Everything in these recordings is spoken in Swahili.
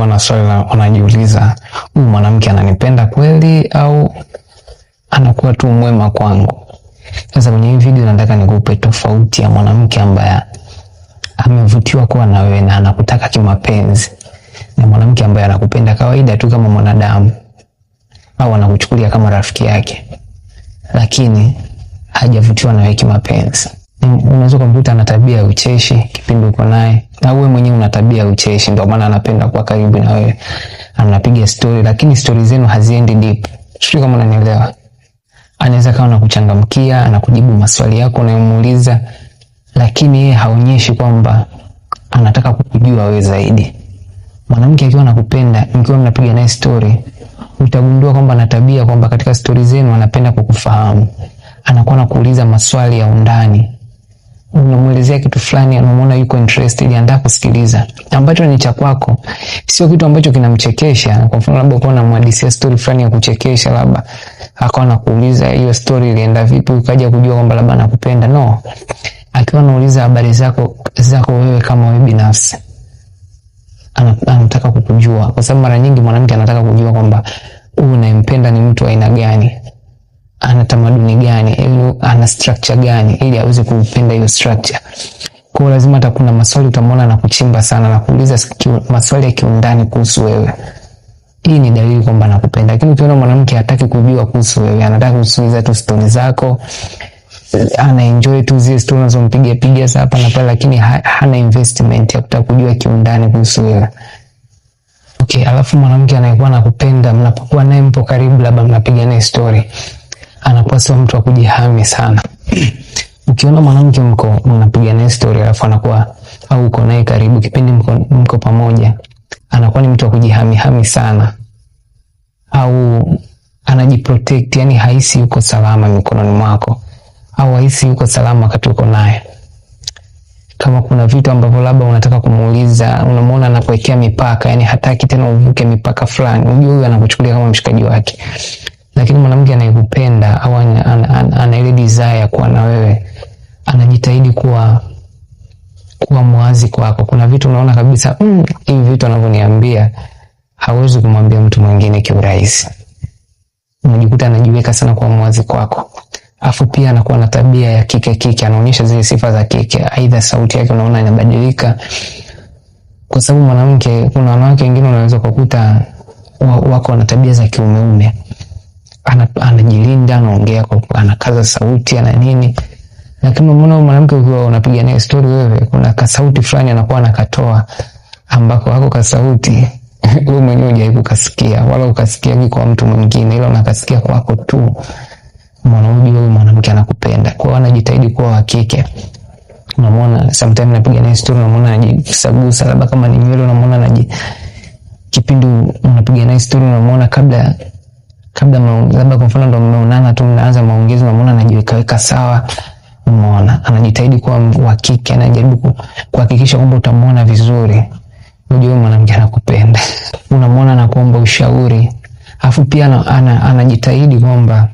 wanakuwa na swali na wanajiuliza, huyu mwanamke ananipenda kweli au anakuwa tu mwema kwangu? Sasa kwenye hii video nataka nikupe tofauti ya mwanamke ambaye amevutiwa kuwa na wewe na anakutaka kimapenzi na mwanamke ambaye anakupenda kawaida tu kama mwanadamu au anakuchukulia kama rafiki yake, lakini hajavutiwa na wewe kimapenzi unaweza kumkuta ana tabia ya ucheshi kipindi uko naye, na wewe mwenyewe una tabia ya ucheshi, ndio maana anapenda kuwa karibu na wewe, anapiga story, lakini story zenu haziendi deep. Sijui kama unanielewa. Anaweza kawa anakuchangamkia, anakujibu maswali yako unayomuuliza, lakini yeye haonyeshi kwamba anataka kukujua wewe zaidi. Mwanamke akiwa anakupenda, mkiwa mnapiga naye story, utagundua kwamba ana tabia kwamba katika story zenu anapenda kukufahamu, anakuwa anakuuliza maswali ya undani unamwelezea kitu fulani, anamwona yuko interested, anataka kusikiliza, ambacho ni cha kwako, sio kitu ambacho kinamchekesha. Kwa mfano, labda ukawa unamhadisia stori fulani ya kuchekesha, labda akawa nakuuliza hiyo stori ilienda vipi, ukaja kujua kwamba labda nakupenda. No, akiwa anauliza habari zako zako wewe kama wewe binafsi, anataka kukujua, kwa sababu mara nyingi mwanamke anataka kujua kwamba huyu unayempenda ni mtu aina gani ana tamaduni gani, ana structure gani, ili aweze kupenda hiyo structure. Kwa hiyo lazima atakuna maswali, utamwona na kuchimba sana na kuuliza maswali ya kiundani kuhusu wewe. Hii ni dalili kwamba anakupenda. Lakini ukiona mwanamke hataki kujua kuhusu wewe, anataka kusikiliza tu stori zako, ana enjoy tu zile stori unazompiga piga sasa hapa na pale, lakini hana investment ya kutaka kujua kiundani kuhusu wewe. Okay, alafu mwanamke anayekuwa anakupenda, mnapokuwa naye mpo karibu, labda mnapiga naye stori anapaswa mtu wa kujihami sana. Ukiona mwanamke mko mnapiga naye story alafu anakuwa au uko naye karibu kipindi mko, mko pamoja, anakuwa ni mtu wa kujihamihami sana, au anajiprotect, yani haisi yuko salama mikononi mwako, au haisi yuko salama wakati uko naye. Kama kuna vitu ambavyo labda unataka kumuuliza, unamwona anakuwekea mipaka, yani hataki tena uvuke mipaka fulani, unajua huyu anakuchukulia kama mshikaji wake. Lakini mwanamke anayekupenda au an, an, an, ana ile desire kuwa na wewe anajitahidi kuwa kuwa mwazi kwako. Kuna vitu unaona kabisa mm, hivi vitu anavyoniambia hawezi kumwambia mtu mwingine kiurahisi. Unajikuta anajiweka sana kuwa mwazi kwako, afu pia anakuwa na tabia ya kike kike, anaonyesha zile sifa za kike, aidha sauti yake unaona inabadilika, kwa sababu mwanamke, kuna wanawake wengine unaweza kukuta wako na tabia za kiumeume anajilinda, anaongea, anakaza sauti, ana nini. Lakini kama mbona mwanamke ukiwa unapiga naye stori wewe, kuna kasauti fulani anakuwa anakatoa ambako hako kasauti wewe mwenyewe hujai kukasikia wala ukasikiaji kwa mtu mwingine, ila unakasikia kwako tu. Mwanaume huyu mwanamke anakupenda, kwao anajitahidi kuwa wa kike unamwona sometimes napiga naye stori, unamwona anajisagusa, labda kama ni nywele, unamwona anaji kipindi unapiga naye stori, unamwona kabla kabla labda kwa mfano ndo mmeonana tu mnaanza maongezi, unamwona anajiwekaweka sawa, umeona anajitahidi kuwa wa kike, anajaribu kuhakikisha kwamba utamwona vizuri, unajua mwanamke anakupenda, unamwona anakuomba ushauri, afu pia anajitahidi kwamba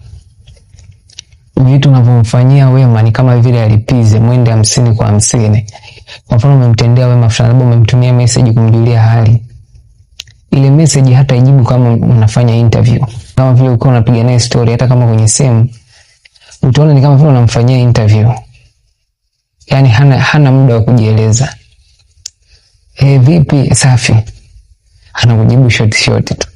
vitu unavyomfanyia wema ni kama vile alipize, mwende hamsini kwa hamsini. Kwa mfano umemtendea wema fulani, labda umemtumia meseji kumjulia hali, ile meseji hata ijibu kama unafanya interview kama vile uko unapiga naye story, hata kama kwenye simu, utaona ni kama vile unamfanyia interview. Yani hana, hana muda wa kujieleza. E, vipi? Safi, anakujibu short short tu,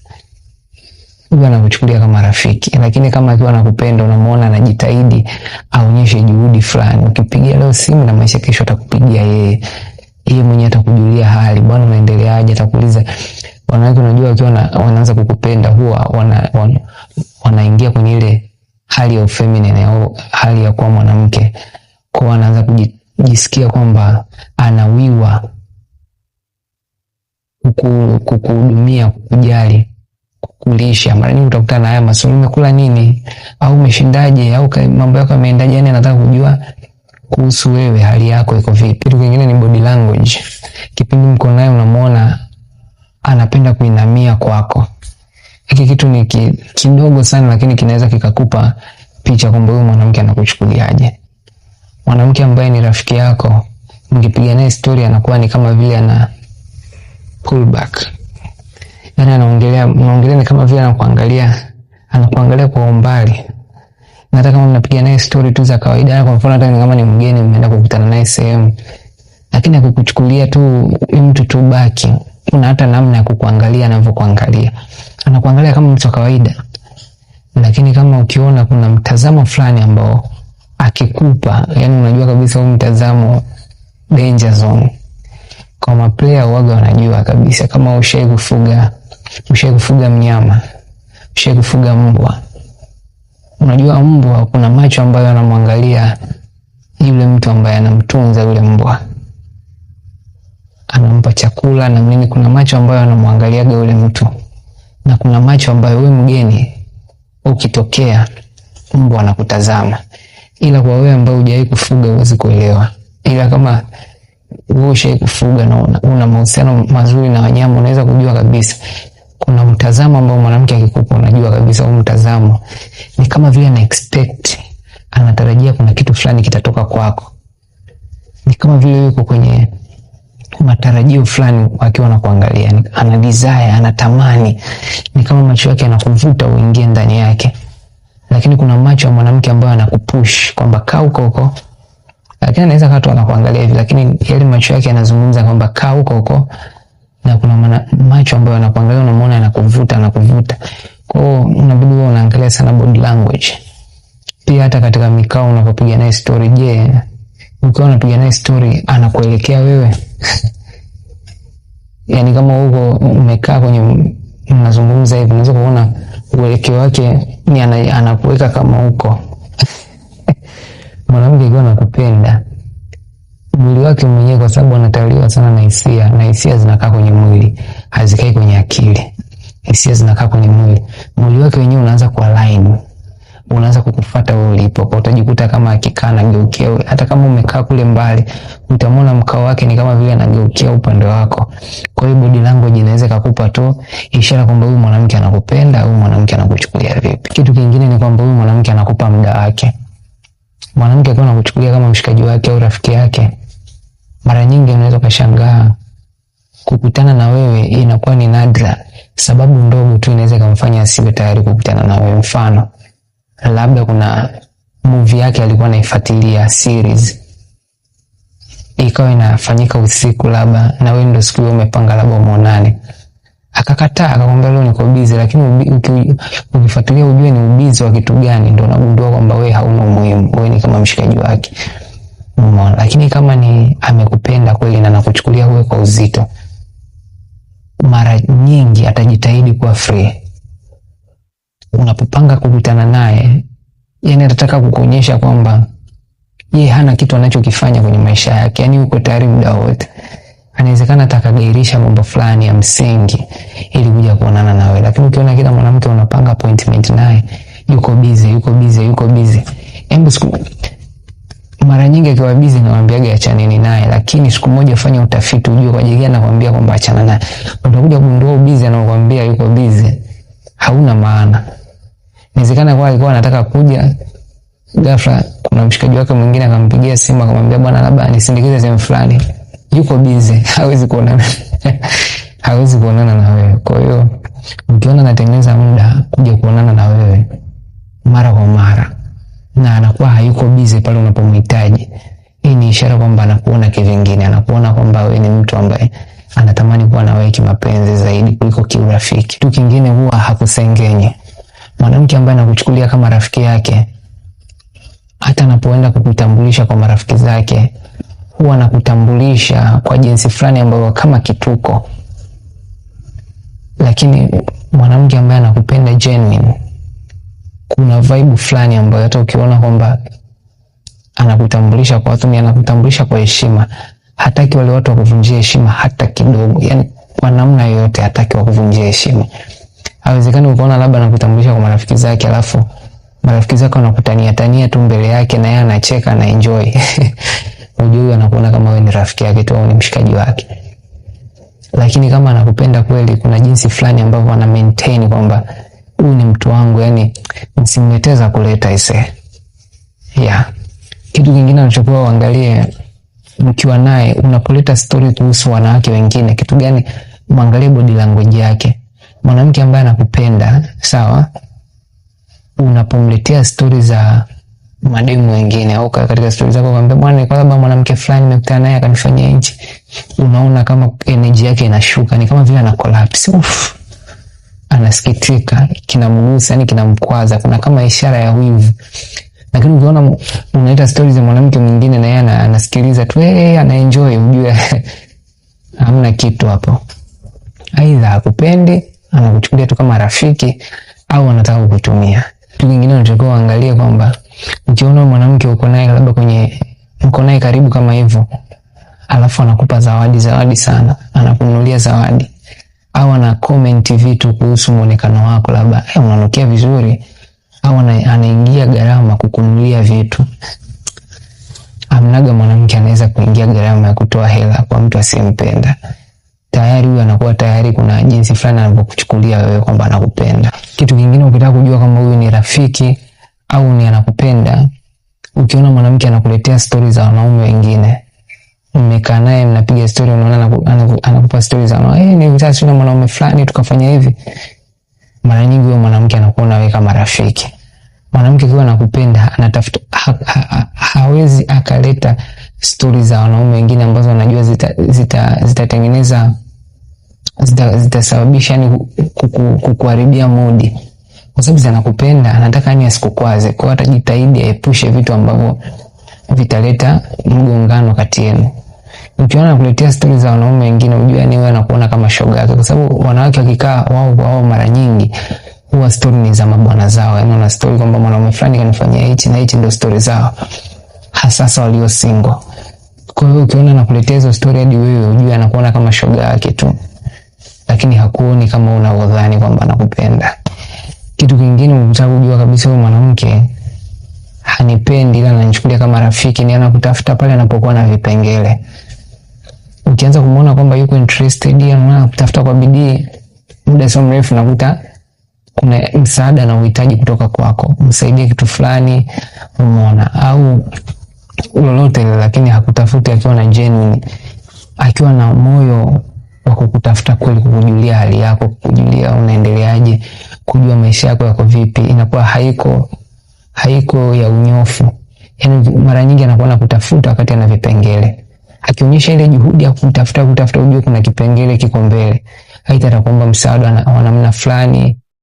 huwa anakuchukulia kama rafiki. Lakini kama akiwa anakupenda, unamwona anajitahidi aonyeshe juhudi fulani. Ukipigia leo simu na maisha, kesho atakupigia yeye, yeye mwenyewe atakujulia hali, bwana unaendeleaje, atakuuliza Wanawake unajua wakiwa wanaanza kukupenda huwa wanaingia wana, wanaingia kwenye ile hali ya feminine au hali ya kuwa mwanamke kwa anaanza kujisikia kwamba anawiwa kukuhudumia, kukujali, kukulisha. Mara nyingi utakutana na haya maswali, umekula nini au umeshindaje au mambo yako yameendaje? Yani anataka kujua kuhusu wewe, hali yako iko vipi. Kitu kingine ni body language. Kipindi mko naye unamwona anapenda kuinamia kwako. Hiki kitu ni kidogo sana, lakini kinaweza kikakupa picha kwamba huyu mwanamke anakuchukuliaje. Mwanamke ambaye ni rafiki yako, mkipiga naye stori, anakuwa ni kama vile ana pull back, yani anaongelea anaongelea ni kama vile anakuangalia, anakuangalia kwa umbali na hata kama mnapiga naye stori tu za kawaida, kwa mfano, hata kama ni mgeni mmeenda kukutana naye sehemu, lakini akikuchukulia tu mtu tu baki kuna hata namna ya kukuangalia anavyokuangalia. Anakuangalia kama mtu wa kawaida, lakini kama ukiona kuna mtazamo fulani ambao akikupa, yani unajua kabisa huu mtazamo danger zone. Kwa maplaya waga wanajua kabisa kama ushai kufuga, ushai kufuga mnyama, ushai kufuga mbwa, unajua mbwa kuna macho ambayo anamwangalia yule mtu ambaye anamtunza yule mbwa anampa chakula na nini. Kuna macho ambayo anamwangaliaga yule mtu na kuna macho ambayo wewe mgeni ukitokea mbwa anakutazama, ila kwa wewe ambaye hujawahi kufuga huwezi kuelewa, ila kama wewe ushawahi kufuga na una, una mahusiano mazuri na wanyama unaweza kujua kabisa kuna mtazamo ambao mwanamke akikupa unajua kabisa huo mtazamo ni kama vile ana expect anatarajia kuna kitu fulani kitatoka kwako, ni kama vile yuko kwenye matarajio fulani akiwa anakuangalia, ana desire, anatamani, ni kama macho yake anakuvuta uingie ndani yake. Lakini kuna macho ya mwanamke ambayo anakupush kwamba kaa huko huko, lakini anaweza kaa tu anakuangalia hivi, lakini yale macho yake yanazungumza kwamba kaa huko huko, na kuna mana, macho ambayo anakuangalia, unamwona anakuvuta, anakuvuta. Kwa hiyo unabidi wewe unaangalia sana body language, pia hata katika mikao unapopiga naye story. Je, ukiwa unapiga naye story anakuelekea wewe? yani kama huko umekaa kwenye mnazungumza hivi, unaweza kuona uelekeo wake ni anakuweka kama huko mwanamke akiwa nakupenda mwili wake mwenyewe, kwa sababu anatawaliwa sana na hisia, na hisia zinakaa kwenye mwili, hazikai kwenye akili. Hisia zinakaa kwenye mwili, mwili wake wenyewe unaanza kuwa laini unaanza kukufuata wewe ulipo, kwa utajikuta kama akikaa anageukia Hata kama umekaa kule mbali, utamwona mkao wake ni kama vile anageukia upande wako. Kwa hiyo body language inaweza kukupa tu ishara kwamba huyu mwanamke anakupenda au mwanamke anakuchukulia vipi. Kitu kingine ni kwamba huyu mwanamke anakupa muda wake. Mwanamke akiwa anakuchukulia kama mshikaji wake au rafiki yake, mara nyingi unaweza kashangaa kukutana na wewe inakuwa ni nadra. Sababu ndogo tu inaweza kumfanya asiwe tayari kukutana na wewe. Mfano, labda kuna movie yake alikuwa anaifuatilia series ikawa inafanyika usiku labda na wewe ndio siku hiyo umepanga labda umeonane. Akakataa, akamwambia leo niko busy, lakini ukifuatilia ujue ni ubizi wa kitu gani, ndio unagundua kwamba wewe hauna umuhimu, wewe ni kama mshikaji wake. Umeona? Lakini kama ni amekupenda kweli na anakuchukulia wewe kwa uzito, mara nyingi atajitahidi kuwa free unapopanga kukutana naye, yani atataka kukuonyesha kwamba ye hana kitu anachokifanya kwenye maisha yake, yani uko tayari muda wote. Anawezekana atakagairisha mambo fulani ya msingi ili kuja kuonana nawe, lakini ukiona kila mwanamke unapanga appointment naye yuko busy, yuko busy, yuko busy, hebu siku mara nyingi akiwa bizi nawambiaga achaneni naye, lakini siku moja fanya utafiti ujue kwa jigani nakwambia kwamba achana naye, utakuja kugundua ubizi anaokwambia yuko bizi hauna maana. Inawezekana kwa alikuwa anataka kuja ghafla, kuna mshikaji wake mwingine akampigia simu akamwambia, bwana, labda nisindikize sehemu fulani, yuko bize, hawezi kuonana hawezi kuonana na wewe. Kwa hiyo mkiona anatengeneza muda kuja kuonana na wewe mara kwa mara na anakuwa hayuko bize pale unapomhitaji, hii ni ishara kwamba anakuona kivingine, anakuona kwamba wewe ni mtu ambaye anatamani kuwa na wewe kimapenzi zaidi kuliko kiurafiki. Kitu kingine, huwa hakusengenye Mwanamke ambaye anakuchukulia kama rafiki yake, hata anapoenda kukutambulisha kwa marafiki zake, huwa anakutambulisha kwa jinsi fulani ambayo kama kituko. Lakini mwanamke ambaye anakupenda genuine, kuna vibe fulani ambayo hata ukiona kwamba anakutambulisha kwa watu, ni anakutambulisha kwa heshima. Hataki wale watu wakuvunjia heshima hata kidogo, yani kwa namna yoyote hataki wakuvunjia heshima hawezekani ukaona labda nakutambulisha kwa marafiki zake alafu marafiki zake wanakutania tania tu mbele yake na yeye anacheka na enjoy ujue anakuona kama wewe ni rafiki yake tu au ni mshikaji wake lakini kama anakupenda kweli kuna jinsi fulani ambavyo ana maintain kwamba huyu ni mtu wangu yani msimleteza kuleta ise yeah. kitu kingine anachokuwa uangalie mkiwa naye unapoleta story kuhusu wanawake wengine kitu gani mwangalie body language yake mwanamke ambaye anakupenda sawa, unapomletea stori za mademu wengine au katika stori zako kwambia, bwana, kwa sababu mwanamke fulani nimekutana naye akanifanyia hichi, unaona kama energy yake inashuka, ni kama vile ana collapse, uff, anasikitika, kinamgusa yani kinamkwaza, kuna kama ishara ya wivu. Lakini ukiona unaleta stori za mwanamke mwingine na yeye anasikiliza tu, eh, anaenjoy, ujue hamna kitu hapo, aidha akupendi anakuchukulia tu kama rafiki au anataka kukutumia. Kitu kingine unachokuwa uangalie kwamba ukiona mwanamke uko naye labda kwenye uko naye karibu kama hivyo, alafu anakupa zawadi zawadi sana, anakunulia zawadi au ana comment vitu kuhusu muonekano wako, labda hey, eh, unanukia vizuri, au anaingia gharama kukunulia vitu. Amnaga mwanamke anaweza kuingia gharama ya kutoa hela kwa mtu asiyempenda tayari huyu anakuwa tayari kuna jinsi fulani anavyokuchukulia wewe kwamba anakupenda. Kitu kingine, ukitaka kujua kama huyu ni rafiki au ni anakupenda, ukiona mwanamke anakuletea stori za wanaume wengine, mmekaa naye mnapiga stori, unaona anakupa stori za wanaume, hey, eh, mwanaume fulani tukafanya hivi, mara nyingi huyo mwanamke anakuona wewe kama rafiki. Mwanamke akiwa anakupenda anatafuta, ha, ha, ha, hawezi akaleta stori za wanaume wengine ambazo wanajua zitatengeneza zita zita zitasababisha zita, yani kukuharibia mudi, kwa sababu anakupenda, anataka yani asikukwaze kwao, atajitahidi aepushe vitu ambavyo vitaleta mgongano kati yenu. Ukiona kuletea stori za wanaume wengine, ujue ni wewe anakuona kama shoga yake, kwa sababu wanawake wakikaa wao kwa wao, mara nyingi huwa stori ni za mabwana zao, yani wana stori kwamba mwanaume fulani kanifanyia hichi na hichi, ndo stori zao hasasa walio single. Kwa hiyo ukiona anakuletea hizo stori hadi wewe ujue anakuona kama shoga yake tu, lakini hakuoni kama unavyodhani kwamba anakupenda. Kitu kingine unataka kujua kabisa huyu mwanamke hanipendi, ila ananichukulia kama rafiki, ni anakutafuta pale anapokuwa na vipengele. Ukianza kumuona kwamba yuko interested, anakutafuta kwa bidii, muda sio mrefu nakuta kuna msaada na uhitaji kutoka kwako, msaidie kitu fulani, umeona au lolote, lakini hakutafuti akiwa na genuine, akiwa na moyo wa kukutafuta kweli, kukujulia hali yako, kukujulia unaendeleaje, kujua maisha yako yako vipi, inakuwa haiko haiko ya unyofu. Yani mara nyingi anakuwa na kutafuta wakati ana vipengele, akionyesha ile juhudi ya kutafuta kutafuta, ujue kuna kipengele kiko mbele, aidha atakuomba msaada wa namna fulani